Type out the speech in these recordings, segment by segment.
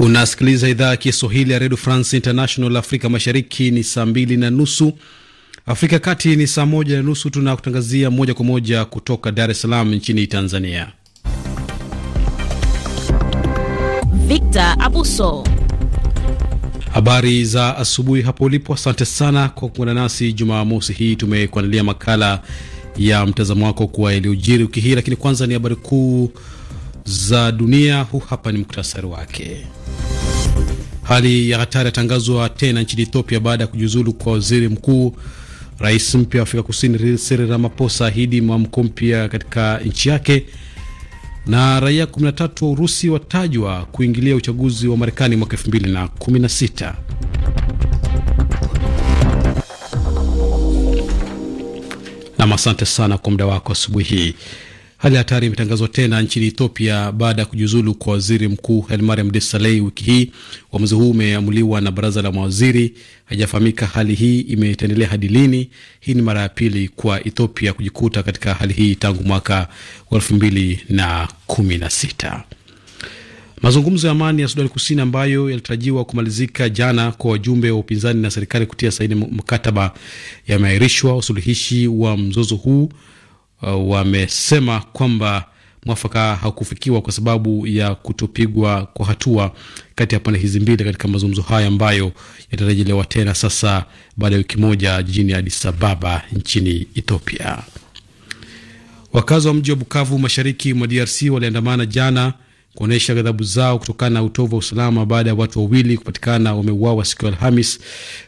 Unasikiliza idhaa ya Kiswahili ya redio France International. Afrika Mashariki ni saa mbili na nusu, Afrika ya Kati ni saa moja na nusu. Tunakutangazia moja kwa moja kutoka Dar es Salaam nchini Tanzania. Victor Abuso, habari za asubuhi hapo ulipo. Asante sana kwa kuungana nasi Jumamosi hii. Tumekuandalia makala ya mtazamo wako kwa yaliyojiri wiki hii, lakini kwanza ni habari kuu za dunia. Huu hapa ni muktasari wake. Hali ya hatari yatangazwa tena nchini Ethiopia baada ya kujiuzulu kwa waziri mkuu. Rais mpya wa Afrika Kusini Cyril Ramaphosa ahidi mwamko mpya katika nchi yake. Na raia 13 wa Urusi watajwa kuingilia uchaguzi wa Marekani mwaka 2016. Nam, asante sana kwa muda wako asubuhi hii. Hali ya hatari imetangazwa tena nchini Ethiopia baada ya kujiuzulu kwa waziri mkuu Hailemariam Desalegn wiki hii. Uamuzi huu umeamuliwa na baraza la mawaziri. Haijafahamika hali hii imetendelea hadi lini. Hii ni mara ya pili kwa Ethiopia kujikuta katika hali hii tangu mwaka wa elfu mbili na kumi na sita. Mazungumzo ya amani ya Sudani Kusini ambayo yalitarajiwa kumalizika jana kwa wajumbe wa upinzani na serikali kutia saini mkataba yameahirishwa. Usuluhishi wa mzozo huu uh, wamesema kwamba mwafaka hakufikiwa kwa sababu ya kutopigwa kwa hatua kati ya pande hizi mbili katika mazungumzo haya ambayo yatarejelewa tena sasa baada ya wiki moja jijini Addis Ababa nchini Ethiopia. Wakazi wa mji wa Bukavu mashariki mwa DRC waliandamana jana kuonyesha ghadhabu zao kutokana na utovu wa usalama baada ya watu wawili kupatikana wameuawa siku ya Alhamis.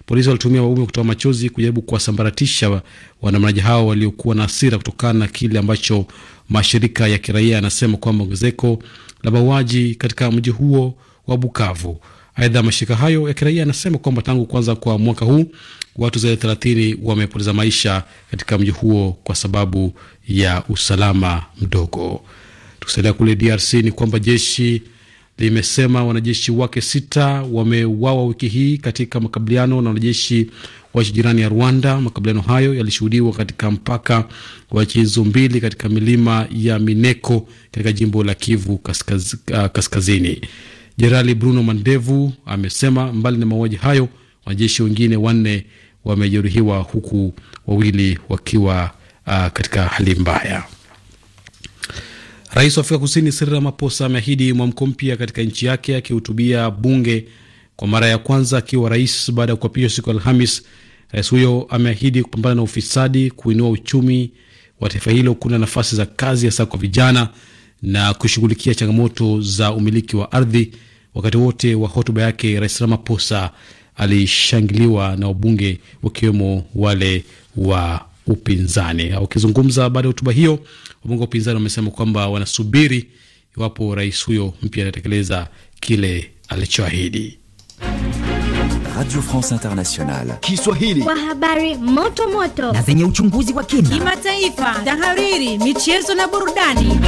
Polisi walitumia waume kutoa machozi kujaribu kuwasambaratisha waandamanaji hao waliokuwa na hasira kutokana na kile ambacho mashirika ya kiraia yanasema kwamba ongezeko la mauaji katika mji huo wa Bukavu. Aidha, mashirika hayo ya kiraia yanasema kwamba tangu kuanza kwa mwaka huu watu zaidi ya thelathini wamepoteza maisha katika mji huo kwa sababu ya usalama mdogo. Tukisalia kule DRC ni kwamba jeshi limesema wanajeshi wake sita wameuawa wiki hii katika makabiliano na wanajeshi wa nchi jirani ya Rwanda. Makabiliano hayo yalishuhudiwa katika mpaka wa nchi hizo mbili katika milima ya Mineko katika jimbo la Kivu kaskaz, uh, kaskazini. Jenerali Bruno Mandevu amesema mbali na mauaji hayo wanajeshi wengine wanne wamejeruhiwa huku wawili wakiwa uh, katika hali mbaya. Rais wa Afrika Kusini Cyril Ramaphosa ameahidi mwamko mpya katika nchi yake akihutubia bunge kwa mara ya kwanza akiwa rais baada ya kuapishwa siku ya Alhamis. Rais huyo ameahidi kupambana na ufisadi, kuinua uchumi wa taifa hilo, kuna nafasi za kazi hasa kwa vijana na kushughulikia changamoto za umiliki wa ardhi. Wakati wote wa hotuba yake, Rais Ramaphosa alishangiliwa na wabunge wakiwemo wale wa upinzani. Wakizungumza baada ya hotuba hiyo, wabunge wa upinzani wamesema kwamba wanasubiri iwapo rais huyo mpya anatekeleza kile alichoahidi. Radio France Internationale Kiswahili, kwa habari moto moto na zenye uchunguzi wa kina, kimataifa, tahariri, michezo na burudani.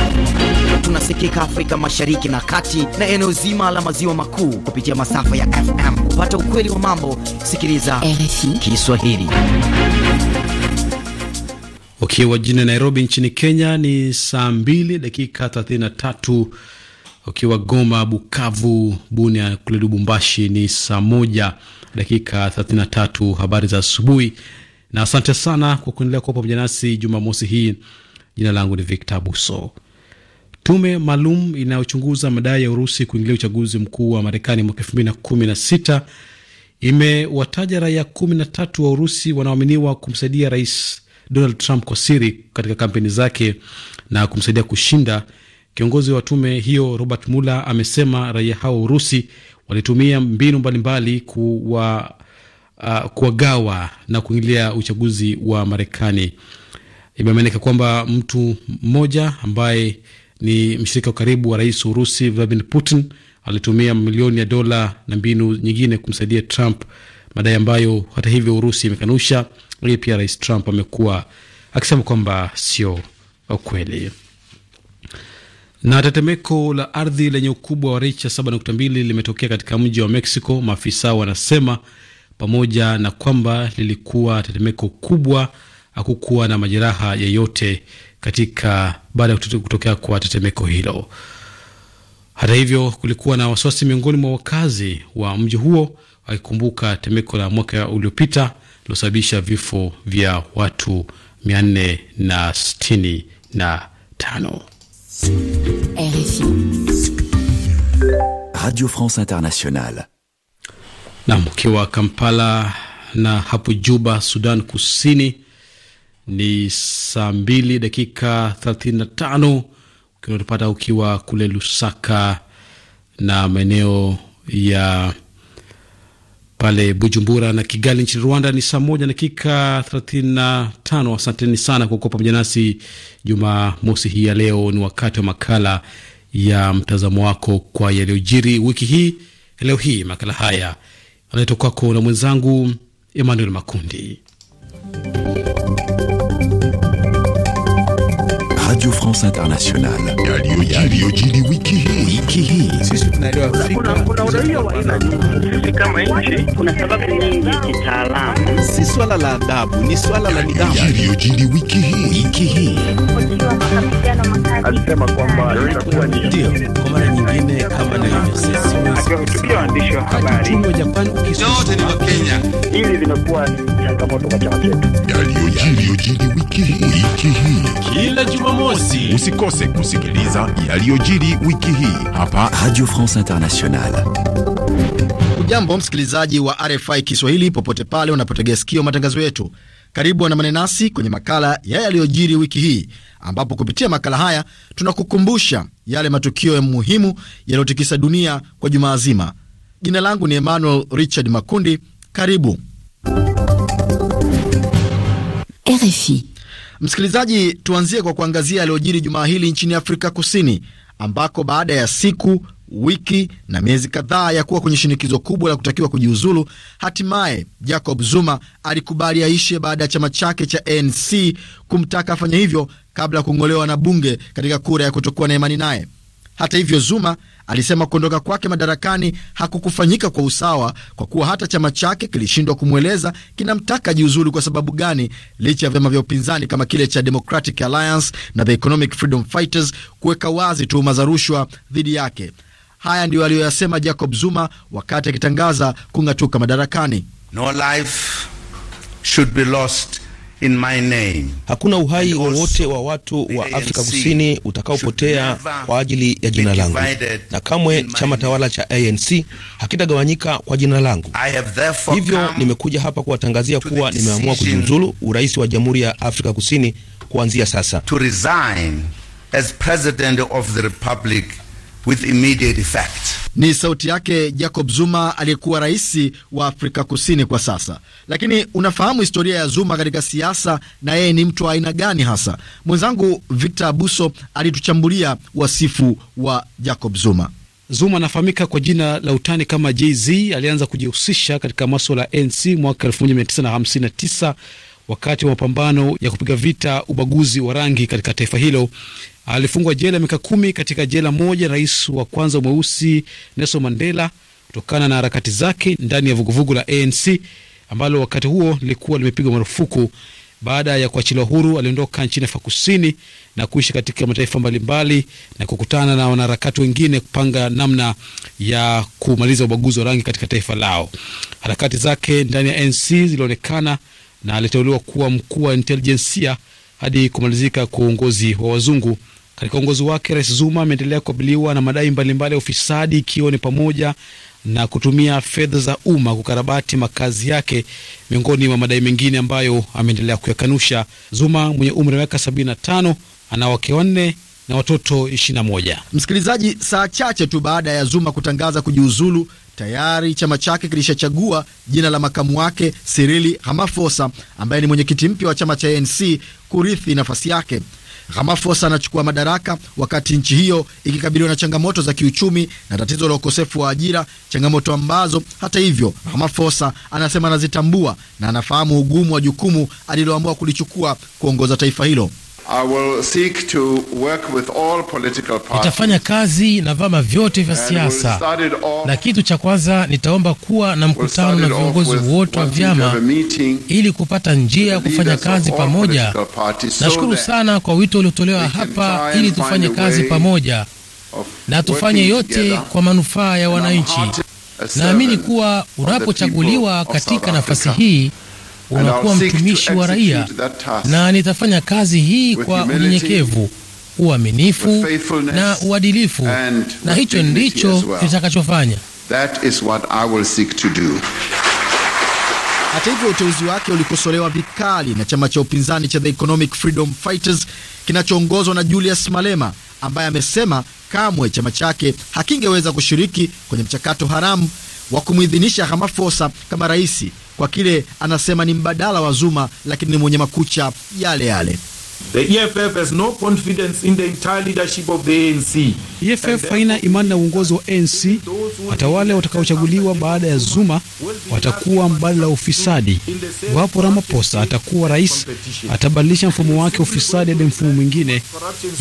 Tunasikika Afrika Mashariki na Kati na eneo zima la maziwa makuu kupitia masafa ya FM. Kupata ukweli wa mambo, sikiliza RFI Kiswahili. Ukiwa jijini Nairobi nchini Kenya ni saa 2 dakika 33. Ukiwa Goma, Bukavu, Bunia kule Lubumbashi ni saa moja dakika 33. Habari za asubuhi na asante sana kwa kuendelea kuwa pamoja nasi Jumamosi hii. Jina langu ni Victor Buso. Tume maalum inayochunguza madai ya Urusi kuingilia uchaguzi mkuu wa Marekani mwaka 2016 imewataja raia 13 wa Urusi wanaoaminiwa kumsaidia rais Donald Trump kwa siri katika kampeni zake na kumsaidia kushinda. Kiongozi wa tume hiyo Robert Mueller amesema raia hao Urusi walitumia mbinu mbalimbali kuwa uh, kuwagawa na kuingilia uchaguzi wa Marekani. Imeaminika kwamba mtu mmoja ambaye ni mshirika wa karibu wa rais Urusi Vladimir Putin alitumia mamilioni ya dola na mbinu nyingine kumsaidia Trump madai ambayo hata hivyo Urusi imekanusha, lakini pia Rais Trump amekuwa akisema kwamba sio kweli. Na tetemeko la ardhi lenye ukubwa wa richa 7.2 limetokea katika mji wa Mexico, maafisa wanasema, pamoja na kwamba lilikuwa tetemeko kubwa. Hakukuwa na majeraha yeyote katika baada ya kutokea kwa tetemeko hilo. Hata hivyo, kulikuwa na wasiwasi miongoni mwa wakazi wa mji huo akikumbuka temeko la mwaka uliopita lilosababisha vifo vya watu 465. RFI Radio France Internationale. Nam, ukiwa Kampala na hapo Juba, Sudan Kusini ni saa 2 dakika 35, ukinatupata ukiwa kule Lusaka na maeneo ya pale Bujumbura na Kigali nchini Rwanda ni saa moja dakika 35. Asanteni sana kwa kuwa pamoja nasi Jumamosi hii ya leo. Ni wakati wa makala ya mtazamo wako kwa yaliyojiri wiki hii. Leo hii makala haya analetwa kwako na mwenzangu Emmanuel Makundi. Radio France Internationale. Wiki Si swala la adabu, ni swala la nidhamu. wiki hii. ndio kwa mara nyingine kama Japan Kila Jumamosi Mosi. Usikose kusikiliza yaliyojiri wiki hii hapa Radio France Internationale. Ujambo msikilizaji wa RFI Kiswahili popote pale unapotegea sikio matangazo yetu, karibu na manenasi kwenye makala ya yaliyojiri wiki hii, ambapo kupitia makala haya tunakukumbusha yale matukio ya muhimu yaliyotikisa dunia kwa jumaa zima. Jina langu ni Emmanuel Richard Makundi. Karibu RFI. Msikilizaji, tuanzie kwa kuangazia yaliyojiri jumaa hili nchini Afrika Kusini, ambako baada ya siku wiki na miezi kadhaa ya kuwa kwenye shinikizo kubwa la kutakiwa kujiuzulu, hatimaye Jacob Zuma alikubali aishe baada ya chama chake cha ANC kumtaka afanye hivyo kabla ya kung'olewa na bunge katika kura ya kutokuwa na imani naye. Hata hivyo, Zuma Alisema kuondoka kwake madarakani hakukufanyika kwa usawa kwa kuwa hata chama chake kilishindwa kumweleza kinamtaka jiuzulu kwa sababu gani, licha ya vyama vya upinzani kama kile cha Democratic Alliance na the Economic Freedom Fighters kuweka wazi tuhuma za rushwa dhidi yake. Haya ndiyo aliyoyasema Jacob Zuma wakati akitangaza kung'atuka madarakani. No life should be lost In my name. Hakuna uhai wowote wa watu wa Afrika Kusini utakaopotea kwa ajili ya jina langu, na kamwe chama tawala cha ANC hakitagawanyika kwa jina langu. Hivyo nimekuja hapa kuwatangazia kuwa nimeamua kujiuzulu urais wa Jamhuri ya Afrika Kusini kuanzia sasa. To resign as president of the republic with immediate effect. Ni sauti yake Jacob Zuma aliyekuwa rais wa Afrika Kusini kwa sasa. Lakini unafahamu historia ya Zuma katika siasa na yeye ni mtu wa aina gani hasa? Mwenzangu Victor Abuso alituchambulia wasifu wa Jacob Zuma. Zuma anafahamika kwa jina la utani kama jz Alianza kujihusisha katika maswala ya ANC mwaka 1959 wakati wa mapambano ya kupiga vita ubaguzi wa rangi katika taifa hilo. Alifungwa jela miaka kumi katika jela moja, rais wa kwanza mweusi Nelson Mandela, kutokana na harakati zake ndani ya vuguvugu la ANC ambalo wakati huo lilikuwa limepigwa marufuku. Baada ya kuachiliwa huru, aliondoka nchini Afrika Kusini na kuishi katika mataifa mbalimbali na kukutana na wanaharakati wengine kupanga namna ya kumaliza ubaguzi wa rangi katika taifa lao. Harakati zake ndani ya ANC zilionekana na aliteuliwa kuwa mkuu wa intelijensia hadi kumalizika kwa uongozi wa wazungu katika uongozi wake, Rais Zuma ameendelea kukabiliwa na madai mbalimbali ya ufisadi, ikiwa ni pamoja na kutumia fedha za umma kukarabati makazi yake, miongoni mwa madai mengine ambayo ameendelea kuyakanusha. Zuma mwenye umri wa miaka 75 ana wake wanne na watoto 21. Msikilizaji, saa chache tu baada ya Zuma kutangaza kujiuzulu, tayari chama chake kilishachagua jina la makamu wake sirili Ramaphosa ambaye ni mwenyekiti mpya wa chama cha ANC kurithi nafasi yake. Ramaphosa anachukua madaraka wakati nchi hiyo ikikabiliwa na changamoto za kiuchumi na tatizo la ukosefu wa ajira, changamoto ambazo hata hivyo Ramaphosa anasema anazitambua na anafahamu ugumu wa jukumu aliloamua kulichukua kuongoza taifa hilo. Nitafanya kazi na vyama vyote vya siasa na kitu cha kwanza nitaomba kuwa na mkutano na viongozi wote wa vyama ili kupata njia ya kufanya kazi pamoja. Nashukuru sana kwa wito uliotolewa hapa ili tufanye kazi pamoja na tufanye yote kwa manufaa ya wananchi. Naamini kuwa unapochaguliwa katika nafasi hii unakuwa mtumishi wa raia, na nitafanya kazi hii kwa unyenyekevu, uaminifu na uadilifu, na hicho ndicho well. nitakachofanya. Hata hivyo uteuzi wake ulikosolewa vikali na chama cha upinzani cha The Economic Freedom Fighters kinachoongozwa na Julius Malema ambaye amesema kamwe chama chake hakingeweza kushiriki kwenye mchakato haramu wa kumwidhinisha Ramaphosa kama raisi kwa kile anasema ni mbadala wa Zuma, lakini ni mwenye makucha yale yale. The EFF has no confidence in the entire leadership of the ANC. EFF haina imani na uongozi wa ANC. Hata wale watakaochaguliwa baada ya Zuma watakuwa mbadala wa ufisadi. Iwapo Ramaphosa atakuwa rais, atabadilisha mfumo wake wa ufisadi hadi mfumo mwingine.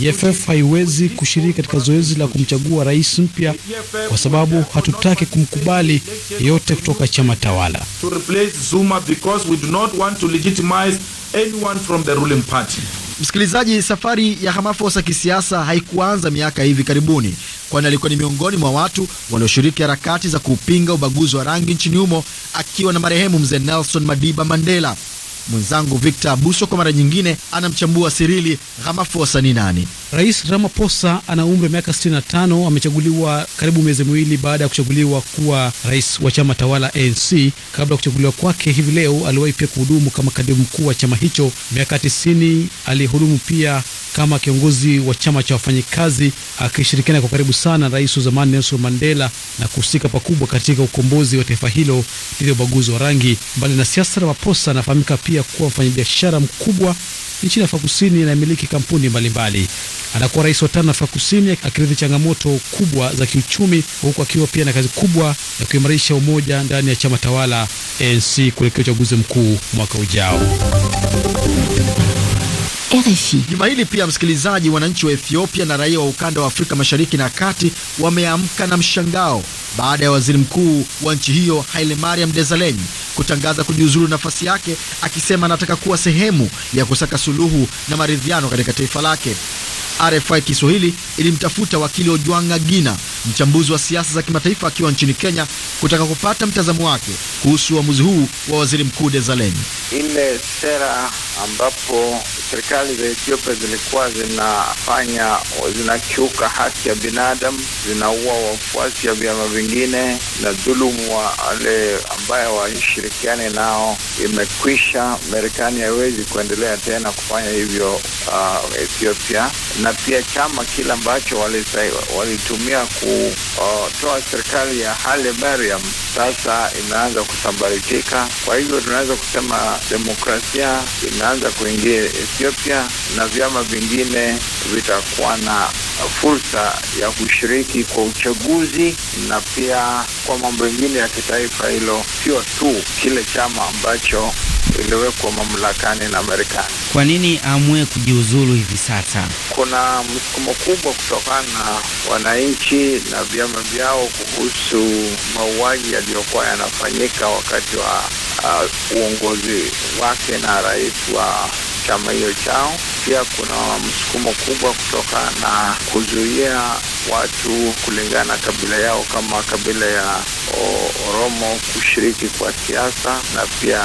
EFF haiwezi kushiriki katika zoezi la kumchagua rais mpya e kwa sababu hatutaki kumkubali yeyote kutoka chama tawala anyone from the ruling party. Msikilizaji, safari ya Ramaphosa kisiasa haikuanza miaka hivi karibuni, kwani alikuwa ni miongoni mwa watu walioshiriki harakati za kupinga ubaguzi wa rangi nchini humo akiwa na marehemu mzee Nelson Madiba Mandela. Mwenzangu Victor Abuso kwa mara nyingine anamchambua Sirili Ramaphosa ni nani. Rais Ramaphosa ana umri wa miaka 65, amechaguliwa karibu miezi miwili baada ya kuchaguliwa kuwa rais wa chama tawala ANC. Kabla ya kuchaguliwa kwake hivi leo, aliwahi pia kuhudumu kama katibu mkuu wa chama hicho miaka 90. Alihudumu pia kama kiongozi wa chama cha wafanyikazi akishirikiana kwa karibu sana rais wa zamani Nelson Mandela na kuhusika pakubwa katika ukombozi wa taifa hilo dhidi ya ubaguzi wa rangi. Mbali na siasa, Ramaphosa anafahamika pia pia kuwa mfanyabiashara mkubwa nchini Afrika Kusini miliki kampuni mbalimbali. Anakuwa rais wa tano Afrika Kusini akiridhi changamoto kubwa za kiuchumi, huku akiwa pia na kazi kubwa ya kuimarisha umoja ndani ya chama tawala ANC kuelekea uchaguzi mkuu mwaka ujao. Juma hili pia, msikilizaji, wananchi wa Ethiopia na raia wa ukanda wa Afrika Mashariki na Kati wameamka na mshangao baada ya waziri mkuu wa nchi hiyo Haile Mariam Desalegn kutangaza kujiuzulu nafasi yake, akisema anataka kuwa sehemu ya kusaka suluhu na maridhiano katika taifa lake. RFI Kiswahili ilimtafuta wakili Ojwanga Gina, mchambuzi wa siasa za kimataifa akiwa nchini Kenya, kutaka kupata mtazamo wake kuhusu uamuzi huu wa waziri mkuu Desalegn. Ile sera ambapo serikali za Ethiopia zilikuwa zinafanya, zinakiuka haki ya binadamu, zinaua wafuasi wa vyama wengine na dhulumu wale ambayo washirikiane nao imekwisha. Marekani haiwezi kuendelea tena kufanya hivyo uh, Ethiopia, na pia chama kile ambacho walitumia kutoa uh, serikali ya Haile Mariam sasa imeanza kusambaratika. Kwa hivyo tunaweza kusema demokrasia imeanza kuingia Ethiopia na vyama vingine vitakuwa na fursa ya kushiriki kwa uchaguzi na pia kwa mambo mengine ya kitaifa. Hilo sio tu kile chama ambacho iliwekwa mamlakani na Marekani. Kwa nini amue kujiuzulu hivi sasa? Kuna msukumo kubwa kutokana na wananchi na vyama vyao kuhusu mauaji yaliyokuwa yanafanyika wakati wa uh, uongozi wake na rais wa chama hiyo chao. Pia kuna msukumo kubwa kutoka na kuzuia watu kulingana na kabila yao kama kabila ya Oromo kushiriki kwa siasa, na pia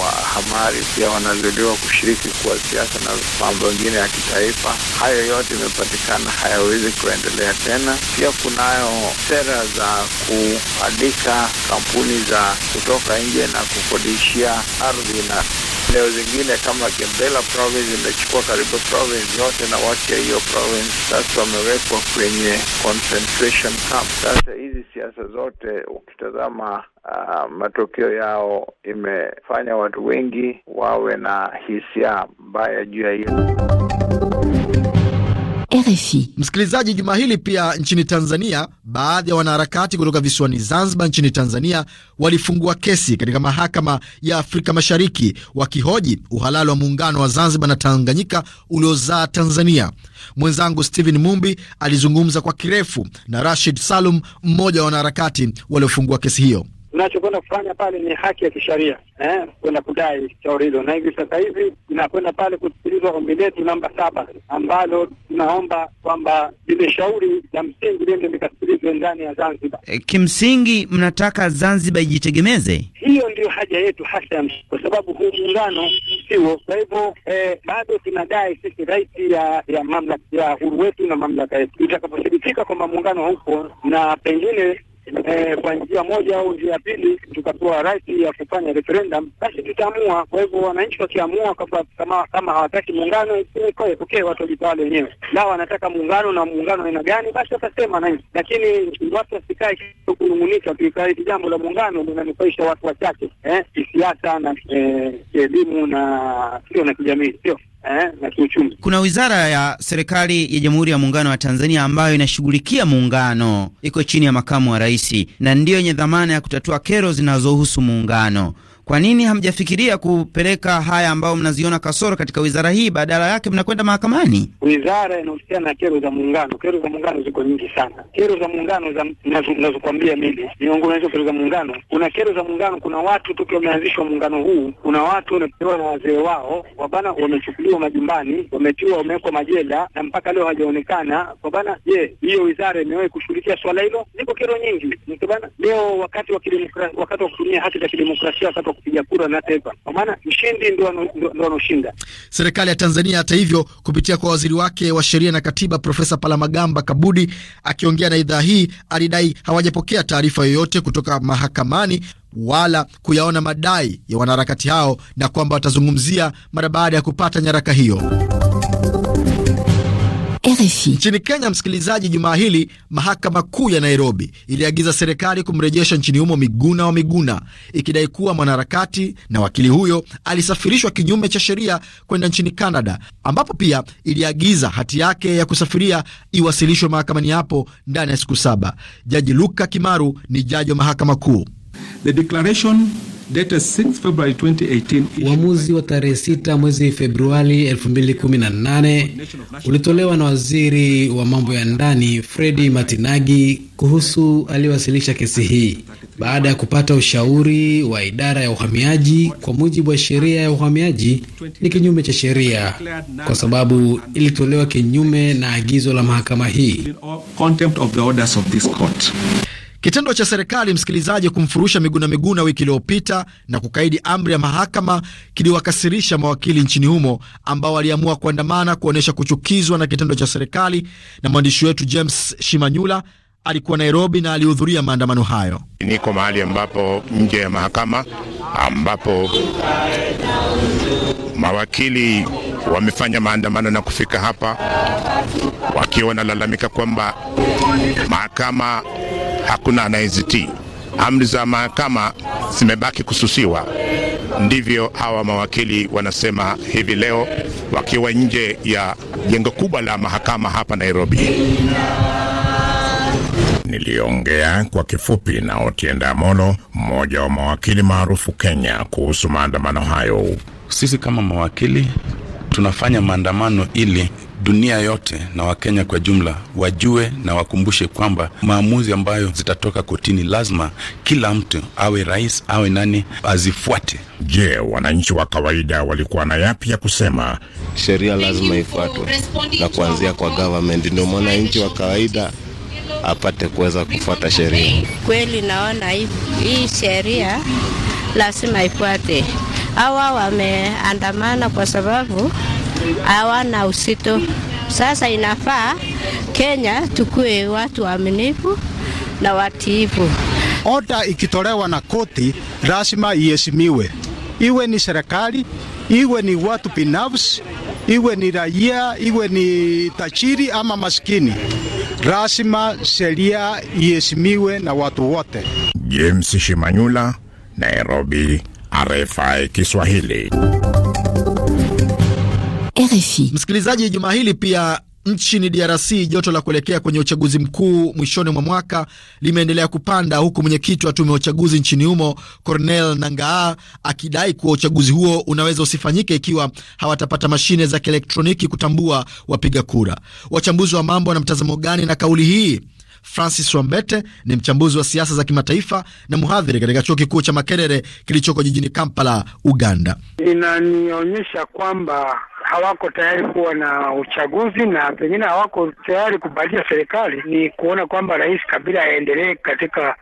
Wahamari pia wanazuiliwa kushiriki kwa siasa na mambo mengine ya kitaifa. Hayo yote imepatikana hayawezi kuendelea tena. Pia kunayo sera za kuandika kampuni za kutoka nje na kukodishia ardhi na leo zingine kama Gembela province imechukua karibu province yote na watu ya hiyo province sasa wamewekwa kwenye concentration camp. Sasa hizi siasa zote ukitazama, uh, matokeo yao imefanya watu wengi wawe na hisia mbaya juu ya hiyo RFI. Msikilizaji, juma hili pia nchini Tanzania, baadhi ya wanaharakati kutoka visiwani Zanzibar nchini Tanzania walifungua kesi katika mahakama ya Afrika Mashariki wakihoji uhalali wa muungano wa Zanzibar na Tanganyika uliozaa Tanzania. Mwenzangu Stephen Mumbi alizungumza kwa kirefu na Rashid Salum, mmoja wa wanaharakati waliofungua kesi hiyo tunachokwenda kufanya pale ni haki ya kisheria eh, kwenda kudai shauri hilo, na hivi sasa hivi tunakwenda pale kusikilizwa ombi letu namba saba ambalo tunaomba kwamba lile shauri la msingi liende likasikilizwe ndani ya Zanzibar. E, kimsingi mnataka Zanzibar ijitegemeze. Hiyo ndiyo haja yetu hasa ya kwa sababu huu muungano sio Kwa hivyo eh, bado tunadai sisi raiti ya ya mamlaka ya uhuru wetu na mamlaka yetu. Itakapothibitika kwamba muungano huko na pengine eh, kwa njia moja au njia ya pili tukapewa right ya kufanya referendum, basi tutaamua. Kwa hivyo wananchi wakiamua kama kama hawataki muungano, eh, okay, watu wajitawale wenyewe. na wanataka muungano na muungano aina gani, basi watasema nai, lakini watu wasikae kunung'unika tuikaidi jambo la muungano linanufaisha watu wachache eh, kisiasa na eh, kielimu na sio na kijamii, sio eh, na kiuchumi. Kuna wizara ya serikali ya Jamhuri ya Muungano wa Tanzania ambayo inashughulikia muungano, iko chini ya makamu wa rais, na ndiyo yenye dhamana ya kutatua kero zinazohusu muungano. Kwa nini hamjafikiria kupeleka haya ambayo mnaziona kasoro katika wizara hii, badala yake mnakwenda mahakamani? Wizara inahusiana na kero za muungano. Kero za muungano ziko nyingi sana. Kero za muungano nazokwambia mimi, miongoni hizo kero za muungano kuna kero za muungano, kuna watu toki wameanzishwa muungano huu, kuna watu wamepewa na wazee wao wabana, wamechukuliwa majumbani, wametiwa, wamewekwa majela na mpaka leo hawajaonekana kwa bana. Je, hiyo wizara imewahi kushughulikia swala hilo? Ziko kero nyingi bana. Leo wakati wa kidemokrasia, wakati wa kutumia haki za kidemokrasia, wakati wa kupiga kura na taifa, kwa maana mshindi ndio anaoshinda. Serikali ya Tanzania, hata hivyo, kupitia kwa waziri wake wa sheria na katiba Profesa Palamagamba Kabudi, akiongea na idhaa hii, alidai hawajapokea taarifa yoyote kutoka mahakamani wala kuyaona madai ya wanaharakati hao na kwamba watazungumzia mara baada ya kupata nyaraka hiyo. RFI. Nchini Kenya, msikilizaji, jumaa hili mahakama kuu ya Nairobi iliagiza serikali kumrejesha nchini humo Miguna wa Miguna ikidai kuwa mwanaharakati na wakili huyo alisafirishwa kinyume cha sheria kwenda nchini Canada, ambapo pia iliagiza hati yake ya kusafiria iwasilishwe mahakamani hapo ndani ya siku saba. Jaji Luka Kimaru ni jaji wa mahakama kuu. The declaration dated 6 February 2018. Uamuzi wa tarehe 6 mwezi Februari 2018 ulitolewa na waziri wa mambo ya ndani Fredi Matinagi kuhusu aliyewasilisha kesi hii baada ya kupata ushauri wa idara ya uhamiaji. Kwa mujibu wa sheria ya uhamiaji, ni kinyume cha sheria kwa sababu ilitolewa kinyume na agizo la mahakama hii. Kitendo cha serikali msikilizaji, kumfurusha Miguna Miguna wiki iliyopita na kukaidi amri ya mahakama kiliwakasirisha mawakili nchini humo ambao waliamua kuandamana kuonyesha kuchukizwa na kitendo cha serikali. Na mwandishi wetu James Shimanyula alikuwa Nairobi na alihudhuria maandamano hayo. Niko mahali ambapo nje ya mahakama ambapo mawakili wamefanya maandamano na kufika hapa wakiwa wanalalamika kwamba mahakama hakuna anayezitii. Amri za mahakama zimebaki kususiwa. Ndivyo hawa mawakili wanasema hivi leo wakiwa nje ya jengo kubwa la mahakama hapa Nairobi. Niliongea kwa kifupi na Otienda Molo, mmoja wa mawakili maarufu Kenya, kuhusu maandamano hayo. Sisi kama mawakili tunafanya maandamano ili dunia yote na Wakenya kwa jumla wajue na wakumbushe kwamba maamuzi ambayo zitatoka kotini lazima kila mtu awe rais awe nani azifuate. Je, wananchi wa kawaida walikuwa na yapi ya kusema? Sheria lazima ifuatwe na kuanzia kwa government, ndio mwananchi wa kawaida apate kuweza kufuata sheria. Kweli naona hii sheria lazima ifuate. Hawa wameandamana kwa sababu hawana usito. Sasa inafaa Kenya tukue watu waaminifu na watiifu. Oda ikitolewa na koti lazima iheshimiwe, iwe ni serikali, iwe ni watu binafsi, iwe ni raia, iwe ni tajiri ama maskini, lazima sheria iheshimiwe na watu wote. James Shimanyula, Nairobi, RFI Kiswahili. RFI. Msikilizaji, juma hili pia Nchini DRC joto la kuelekea kwenye uchaguzi mkuu mwishoni mwa mwaka limeendelea kupanda huku mwenyekiti wa tume ya uchaguzi nchini humo Cornel Nangaa akidai kuwa uchaguzi huo unaweza usifanyike ikiwa hawatapata mashine za kielektroniki kutambua wapiga kura. Wachambuzi wa mambo wana mtazamo gani na kauli hii? Francis Wambete ni mchambuzi wa siasa za kimataifa na mhadhiri katika chuo kikuu cha Makerere kilichoko jijini Kampala, Uganda. Inanionyesha kwamba hawako tayari kuwa na uchaguzi na pengine hawako tayari kubadilisha serikali, ni kuona kwamba Rais Kabila aendelee katika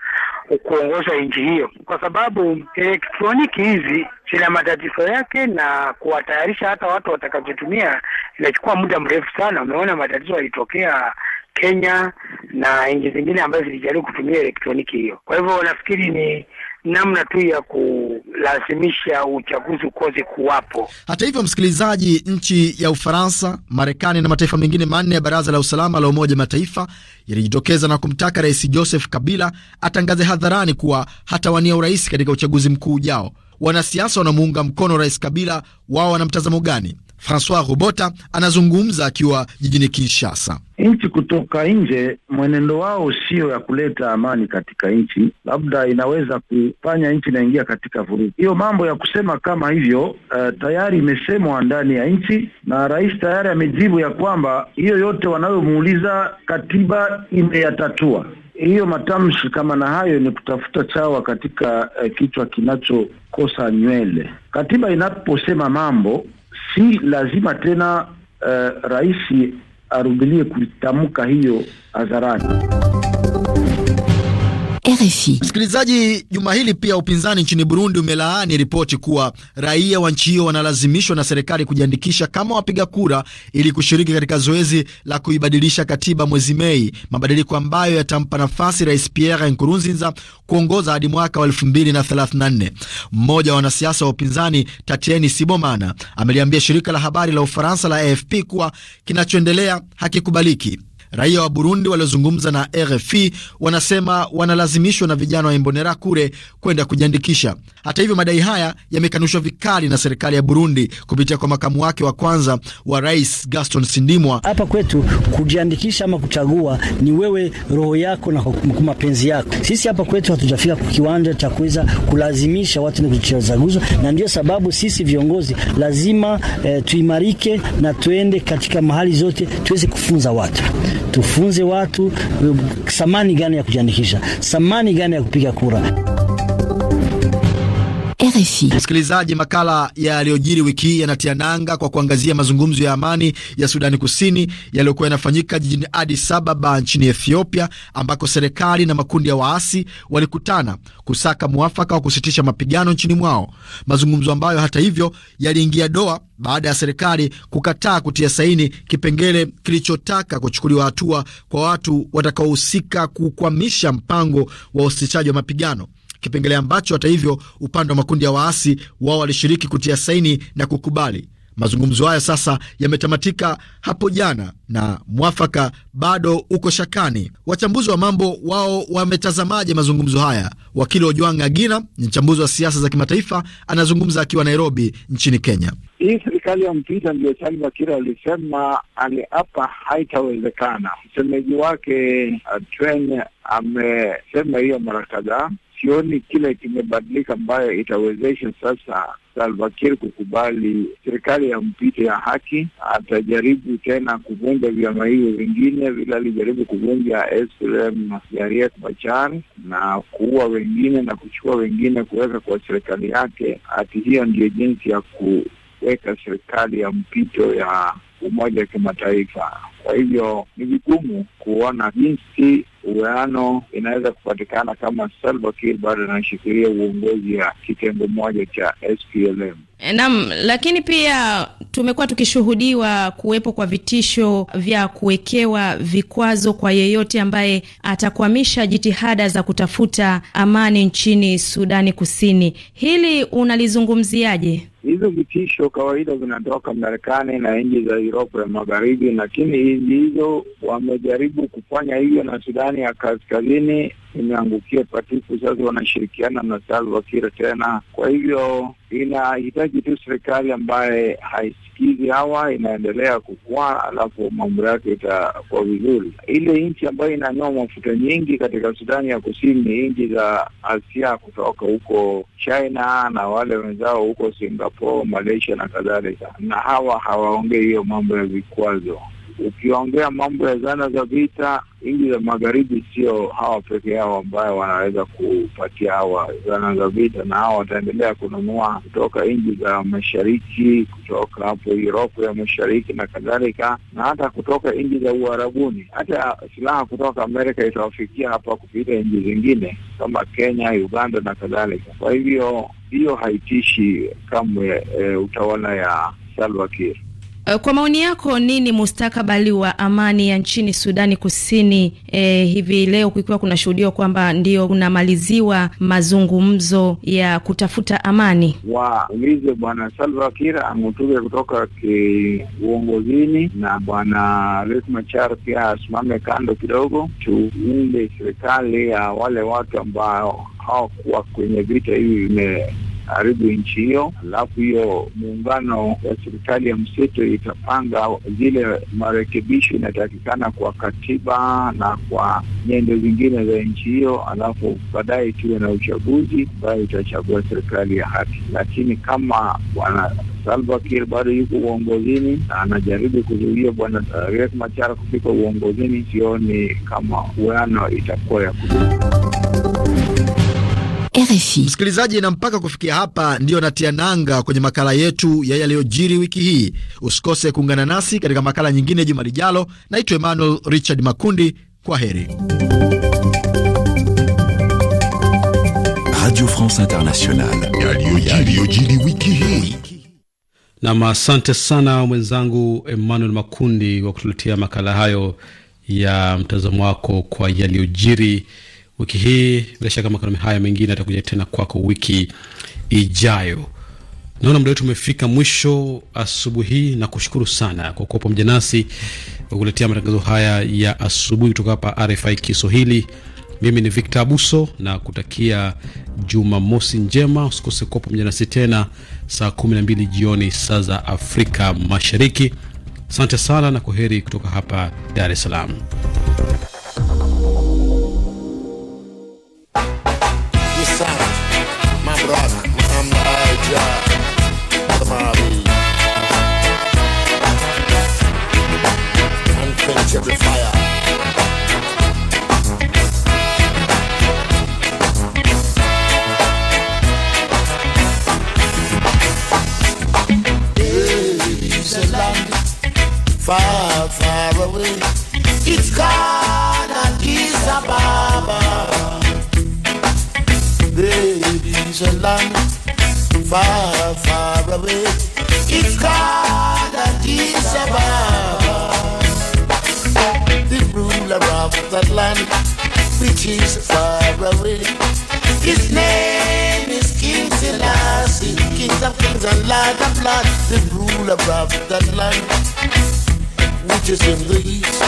kuongoza nchi hiyo, kwa sababu elektroniki hizi zina matatizo yake, na kuwatayarisha hata watu watakaozitumia inachukua muda mrefu sana. Umeona matatizo yalitokea Kenya na nchi zingine ambazo zilijaribu kutumia elektroniki hiyo. Kwa hivyo nafikiri ni namna tu ya kulazimisha uchaguzi ukoze kuwapo. Hata hivyo, msikilizaji, nchi ya Ufaransa, Marekani na mataifa mengine manne ya Baraza la Usalama la Umoja Mataifa yalijitokeza na kumtaka Rais Joseph Kabila atangaze hadharani kuwa hatawania urais katika uchaguzi mkuu ujao. Wanasiasa wanamuunga mkono Rais Kabila, wao wana mtazamo gani? Francois Robota anazungumza akiwa jijini Kinshasa. Nchi kutoka nje, mwenendo wao sio ya kuleta amani katika nchi, labda inaweza kufanya nchi inaingia katika vurugu. Hiyo mambo ya kusema kama hivyo, uh, tayari imesemwa ndani ya nchi na rais tayari amejibu ya kwamba hiyo yote wanayomuuliza katiba imeyatatua. Hiyo matamshi kama na hayo ni kutafuta chawa katika uh, kichwa kinachokosa nywele. Katiba inaposema mambo si lazima tena uh, rais arudilie kutamka hiyo hadharani. RFI. Msikilizaji, juma hili pia upinzani nchini Burundi umelaani ripoti kuwa raia wa nchi hiyo wanalazimishwa na serikali kujiandikisha kama wapiga kura ili kushiriki katika zoezi la kuibadilisha katiba mwezi Mei, mabadiliko ambayo yatampa nafasi Rais Pierre Nkurunziza kuongoza hadi mwaka wa nne. Mmoja wa wanasiasa wa upinzani Tatieni Sibomana ameliambia shirika la habari la Ufaransa la AFP kuwa kinachoendelea hakikubaliki. Raia wa Burundi waliozungumza na RFI wanasema wanalazimishwa na vijana wa Imbonerakure kwenda kujiandikisha. Hata hivyo, madai haya yamekanushwa vikali na serikali ya Burundi kupitia kwa makamu wake wa kwanza wa rais Gaston Sindimwa. Hapa kwetu kujiandikisha ama kuchagua ni wewe, roho yako na mapenzi yako. Sisi hapa kwetu hatujafika kiwanja cha kuweza kulazimisha watu ni kuchaguzwa, na ndio sababu sisi viongozi lazima eh, tuimarike na tuende katika mahali zote tuweze kufunza watu tufunze watu thamani eh, gani ya kujiandikisha, thamani gani ya kupiga kura. RFI. Msikilizaji, makala yaliyojiri wiki hii yanatia nanga kwa kuangazia mazungumzo ya amani ya Sudani Kusini yaliyokuwa yanafanyika jijini Addis Ababa nchini Ethiopia, ambako serikali na makundi ya waasi walikutana kusaka mwafaka wa kusitisha mapigano nchini mwao, mazungumzo ambayo hata hivyo yaliingia doa baada ya serikali kukataa kutia saini kipengele kilichotaka kuchukuliwa hatua kwa watu watakaohusika kukwamisha mpango wa usitishaji wa mapigano kipengele ambacho hata hivyo upande wa makundi ya waasi wao walishiriki kutia saini na kukubali. Mazungumzo hayo sasa yametamatika hapo jana na mwafaka bado uko shakani. Wachambuzi wa mambo wao wametazamaje mazungumzo haya? Wakili Ojwang' Agina ni mchambuzi wa siasa za kimataifa, anazungumza akiwa Nairobi nchini Kenya. Hii serikali ya mpita ndio Salva Kiir alisema aliapa haitawezekana. Msemaji wake uh, Twen amesema hiyo mara kadhaa sioni kile kimebadilika ambayo itawezesha sasa Salva Kiir kukubali serikali ya mpito ya haki. Atajaribu tena kuvunja vyama hivyo vingine vile alijaribu kuvunja SPLM ya Riek Machar na kuua wengine na kuchukua wengine kuweka kwa serikali yake, ati hiyo ndiyo jinsi ya kuweka serikali ya mpito ya Umoja wa Kimataifa. Kwa hivyo ni vigumu kuona jinsi uweano inaweza kupatikana kama Salva Kiir bado anashikilia uongozi ya kitengo moja cha SPLM. Naam, lakini pia tumekuwa tukishuhudiwa kuwepo kwa vitisho vya kuwekewa vikwazo kwa yeyote ambaye atakwamisha jitihada za kutafuta amani nchini Sudani Kusini. Hili unalizungumziaje? hizo vitisho kawaida zinatoka Marekani na nchi za Uropa ya Magharibi, lakini hizi hizo wamejaribu kufanya hivyo na Sudani ya Kaskazini imeangukia Patifu, sasa wanashirikiana na Salva Kiir tena. Kwa hivyo inahitaji tu serikali ambaye haisikizi hawa, inaendelea kukua, alafu mambo yake itakuwa vizuri. Ile nchi ambayo inanyoa mafuta nyingi katika Sudani ya Kusini ni nchi za Asia kutoka huko China na wale wenzao huko Singapore, Malaysia na kadhalika, na hawa hawaongei hiyo mambo ya vikwazo ukiongea mambo ya zana za vita, nchi za magharibi sio hawa peke yao ambayo wanaweza kupatia hawa zana za vita, na hawa wataendelea kununua kutoka nchi za mashariki, kutoka hapo Uropa ya mashariki na kadhalika, na hata kutoka nchi za Uarabuni. Hata silaha kutoka Amerika itawafikia hapa kupita nchi zingine kama Kenya, Uganda na kadhalika. Kwa hivyo hiyo haitishi kamwe e, utawala ya Salva Kiir. Eh, kwa maoni yako, nini mustakabali wa amani ya nchini Sudani Kusini eh, hivi leo kukiwa kunashuhudiwa kwamba ndio unamaliziwa mazungumzo ya kutafuta amani? Waulize bwana Salva Kiir amutuke kutoka kiuongozini na bwana Riek Machar pia asimame kando kidogo, tuunde serikali ya wale watu ambao hawakuwa kwenye vita hivi haribu nchi hiyo. Alafu hiyo muungano wa serikali ya mseto itapanga zile marekebisho inatakikana kwa katiba na kwa nyendo zingine za nchi hiyo, alafu baadaye tuwe na uchaguzi ambayo itachagua serikali ya haki. Lakini kama bwana Salva Kiir bado yuko uongozini na anajaribu kuzuia bwana Riek Machar kufika uongozini, sioni kama uano itakuwa ya kudumu. RFI. Msikilizaji, na mpaka kufikia hapa ndiyo natia nanga kwenye makala yetu ya yaliyojiri wiki hii. Usikose kuungana nasi katika makala nyingine juma lijalo. Naitwa Emmanuel Richard Makundi, kwa heri. Radio France Internationale. Yaliyojiri wiki hii. Nam, asante sana mwenzangu Emmanuel Makundi kwa kutuletea makala hayo ya mtazamo wako kwa yaliyojiri wiki hii. Bila shaka makala haya mengine atakuja tena kwako wiki ijayo. Naona muda wetu umefika mwisho asubuhi hii, na kushukuru sana kwa kuwa pamoja nasi kukuletea matangazo haya ya asubuhi kutoka hapa RFI Kiswahili. Mimi ni Victor Abuso na kutakia Jumamosi njema. Usikose kuwa pamoja nasi tena saa 12 jioni saa za Afrika Mashariki. Asante sana na kwa heri kutoka hapa Dar es Salaam. of the land, which is in the east.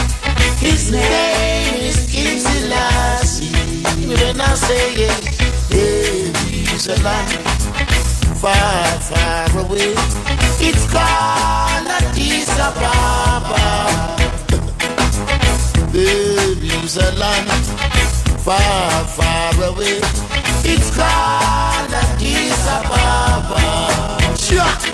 His name is King Selassie. When I say it, hey, a land far, far away. It's called Addis Ababa. Baby's a land far, far away. It's called Addis Ababa. Sure.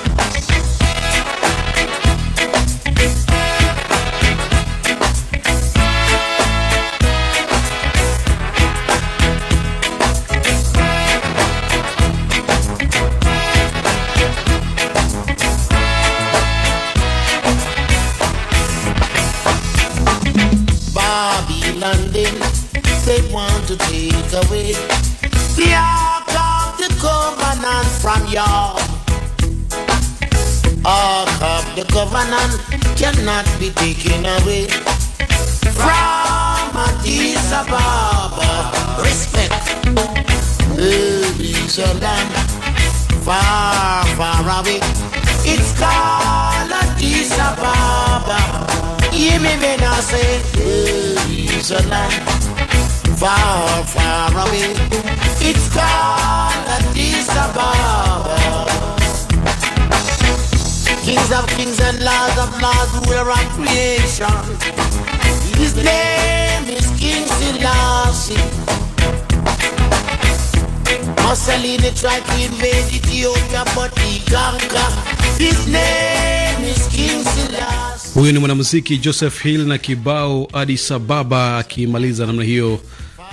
away. The ark of the covenant from y'all. Ark of the covenant cannot be taken away. From Addis Ababa, respect. It is a land far, far away. It's called Addis Ababa. You me when I say, it is a land far from me. It's called Addis Ababa. Kings of kings and lords of lords, we're of creation. His name is King Selassie. Mussolini tried to invade Ethiopia, but he conquered. His name is King Selassie. Huyu ni mwanamuziki Joseph Hill na kibao Addis Ababa akimaliza namna hiyo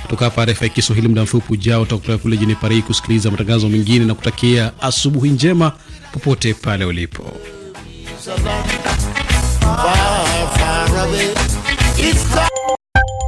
kutoka hapa RFI Kiswahili, muda mfupi ujao utakutoka kule jini Paris kusikiliza matangazo mengine na kutakia asubuhi njema popote pale ulipo.